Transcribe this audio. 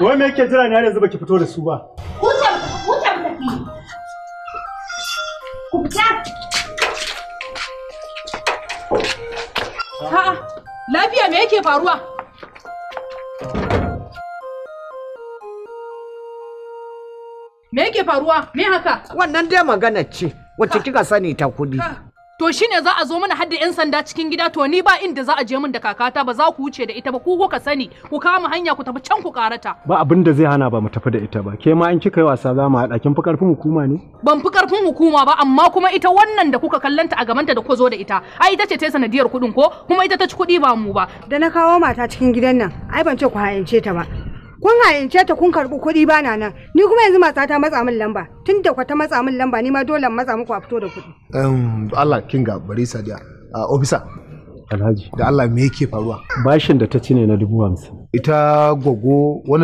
Wai me yake jira ne yanzu baki fito da su ba? Huta huta tafi. Ku fita. Ha'a, lafiya me yake faruwa? Me yake faruwa? Me haka? Wannan dai magana ce, wacce kika sani ta kudi. to shi ne za a zo mana hadda yan sanda cikin gida to ni ba inda za a je min da kakata ba za ku wuce da ita ba ku kuka sani ku kama hanya ku tafi can ku karata ba abin da zai hana ba mu tafi da ita ba ke ma in kika yi wasa za mu haɗa kin fi karfin hukuma ne ban fi karfin hukuma ba amma kuma ita wannan da kuka kallanta a gabanta da ku zo da ita ai ita ce ta sanadiyar kuɗin ko kuma ita ta ci kuɗi ba mu ba da na kawo mata cikin gidan nan ai ban ce ku hayance ta ba kun halince ta kun karɓi kuɗi ba na nan ni kuma yanzu mata ta matsa min lamba tun da kwata matsa min lamba ni ma dole matsa muku a fito da kuɗi. Allah kinga bari sadiya a ofisa. Alhaji. Da Allah me yake faruwa? Bashin da ta ci ne na dubu hamsin. Ita gogo wani